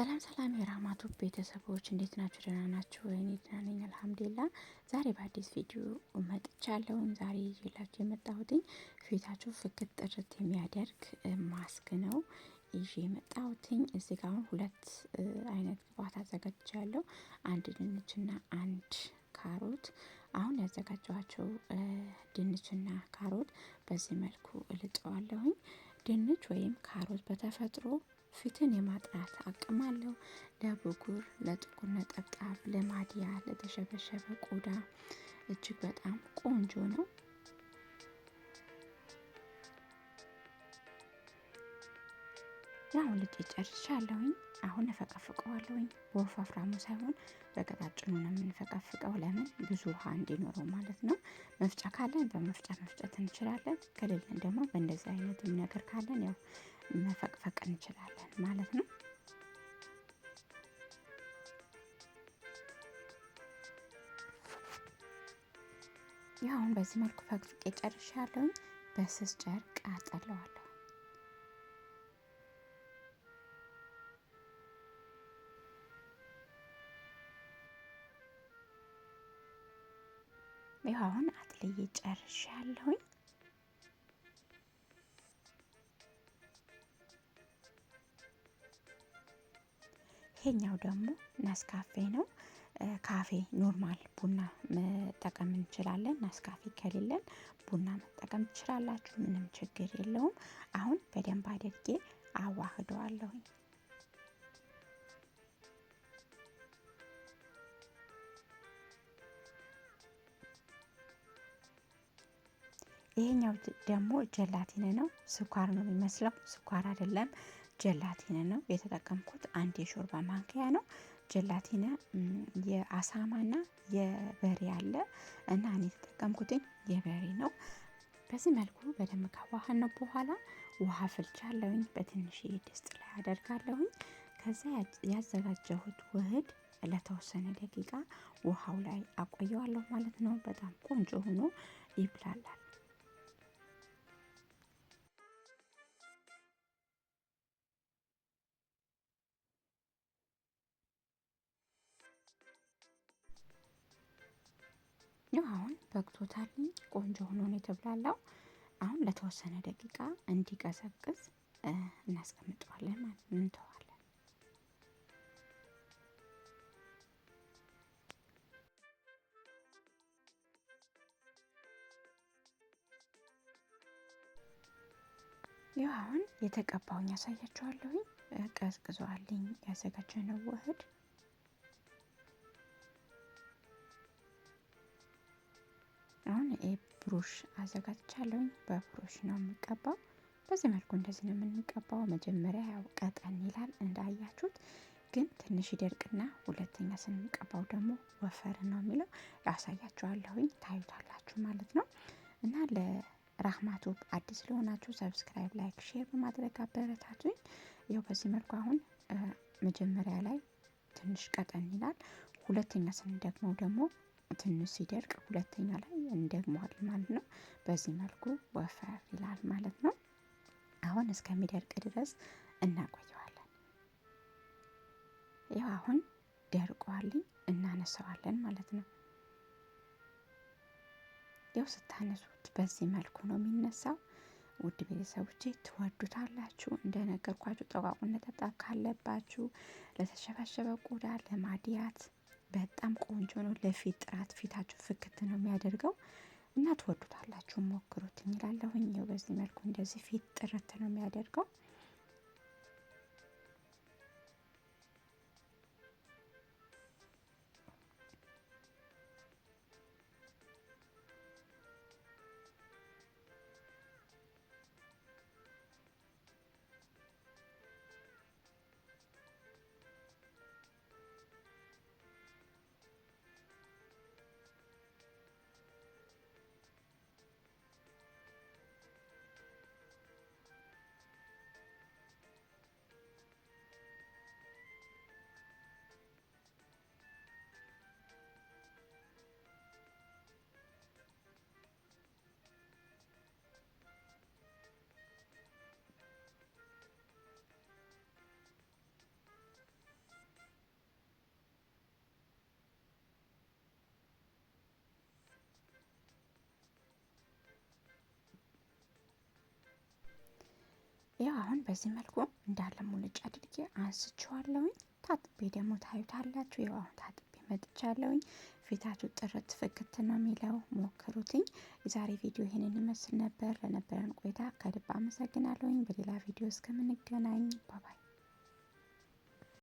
ሰላም ሰላም የራማቱ ቤተሰቦች እንዴት ናችሁ? ደህና ናችሁ? እኔ ደህና ነኝ አልሐምዱሊላ። ዛሬ በአዲስ ቪዲዮ መጥቻለሁኝ። ዛሬ ይዤላችሁ የመጣሁትኝ ፊታችሁ ፍክት ጥርት የሚያደርግ ማስክ ነው ይዤ የመጣሁትኝ። እዚህ ጋር አሁን ሁለት አይነት ግብአት አዘጋጅቻለሁ። አንድ ድንችና አንድ ካሮት አሁን ያዘጋጀኋቸው ድንችና ካሮት በዚህ መልኩ እልጠዋለሁኝ። ድንች ወይም ካሮት በተፈጥሮ ፊትን የማጥራት አቅም አለው። ለብጉር፣ ለጥቁር ነጠብጣብ፣ ለማድያ፣ ለተሸበሸበ ቆዳ እጅግ በጣም ቆንጆ ነው። ያው ልቄ ጨርሻለሁኝ። አሁን እፈቀፍቀዋለሁኝ። በወፋፍራሙ ሳይሆን በቀጣጭኑ ነው የምንፈቀፍቀው። ለምን ብዙ ውሃ እንዲኖረው ማለት ነው። መፍጫ ካለን በመፍጫ መፍጨት እንችላለን። ከሌለን ደግሞ በእንደዚህ አይነት ነገር ካለን ያው መፈቅፈቅ እንችላለን ማለት ነው። ይህ አሁን በዚህ መልኩ ፈቅፍቄ ጨርሻለሁኝ። በስስ ጨርቅ አጠለዋለሁ። ይህ አሁን አጥልዬ ጨርሻለሁኝ። ይሄኛው ደግሞ ነስካፌ ነው። ካፌ ኖርማል ቡና መጠቀም እንችላለን። ነስካፌ ከሌለን ቡና መጠቀም ትችላላችሁ። ምንም ችግር የለውም። አሁን በደንብ አድርጌ አዋህደዋለሁኝ። ይሄኛው ደግሞ ጀላቲን ነው። ስኳር ነው የሚመስለው፣ ስኳር አይደለም። ጀላቲን ነው የተጠቀምኩት። አንድ የሾርባ ማንኪያ ነው ጀላቲን። የአሳማና የበሬ አለ እና እኔ የተጠቀምኩትኝ የበሬ ነው። በዚህ መልኩ በደንብ ካዋሃን ነው በኋላ ውሃ ፍልቻለሁኝ። በትንሽ ድስት ላይ አደርጋለሁኝ። ከዛ ያዘጋጀሁት ውህድ ለተወሰነ ደቂቃ ውሃው ላይ አቆየዋለሁ ማለት ነው። በጣም ቆንጆ ሆኖ ይብላላል። ይህ አሁን በግቶታል። ቆንጆ ሆኖ ነው የተብላላው። አሁን ለተወሰነ ደቂቃ እንዲቀዘቅዝ እናስቀምጠዋለን ማለት እንተዋለን። ይህ አሁን የተቀባውኝ ያሳያችኋለሁኝ። ቀዝቅዟልኝ ያዘጋጀነው ውህድ አሁን ይሄ ብሩሽ አዘጋጅቻለሁኝ። በብሩሽ ነው የምቀባው። በዚህ መልኩ እንደዚህ ነው የምንቀባው። መጀመሪያ ያው ቀጠን ይላል እንዳያችሁት፣ ግን ትንሽ ይደርቅና ሁለተኛ ስንቀባው ደግሞ ወፈር ነው የሚለው ያሳያችኋለሁኝ፣ ታዩታላችሁ ማለት ነው እና ራህማቱ አዲስ ለሆናችሁ ሰብስክራይብ፣ ላይክ፣ ሼር በማድረግ አበረታቱኝ። ያው በዚህ መልኩ አሁን መጀመሪያ ላይ ትንሽ ቀጠን ይላል። ሁለተኛ ስንደግመው ደግሞ ትንሽ ሲደርቅ ሁለተኛ ላይ እንደግመዋለን ማለት ነው። በዚህ መልኩ ወፈር ይላል ማለት ነው። አሁን እስከሚደርቅ ድረስ እናቆየዋለን። ያው አሁን ደርቋልኝ እናነሳዋለን ማለት ነው። ያው ስታነሱት በዚህ መልኩ ነው የሚነሳው። ውድ ቤተሰቦቼ ትወዱታላችሁ። እንደነገርኳችሁ ጠቋቁነት ጠጣብ ካለባችሁ ለተሸበሸበ ቆዳ ለማድያት በጣም ቆንጆ ነው። ለፊት ጥራት ፊታችሁ ፍክት ነው የሚያደርገው እና ትወዱታላችሁ። ሞክሩት እንላለሁኝ። በዚህ መልኩ እንደዚህ ፊት ጥርት ነው የሚያደርገው። ያው አሁን በዚህ መልኩ እንዳለ ሙልጭ አድርጌ አንስቼዋለሁኝ። ታጥቤ ደግሞ ታዩታላችሁ። ያው አሁን ታጥቤ መጥቻለሁኝ። ፊታችሁ ጥርት ፍክት ነው የሚለው ሞክሩትኝ። የዛሬ ቪዲዮ ይህንን ይመስል ነበር። ለነበረን ቆይታ ከልብ አመሰግናለሁኝ። በሌላ ቪዲዮ እስከምንገናኝ ባባይ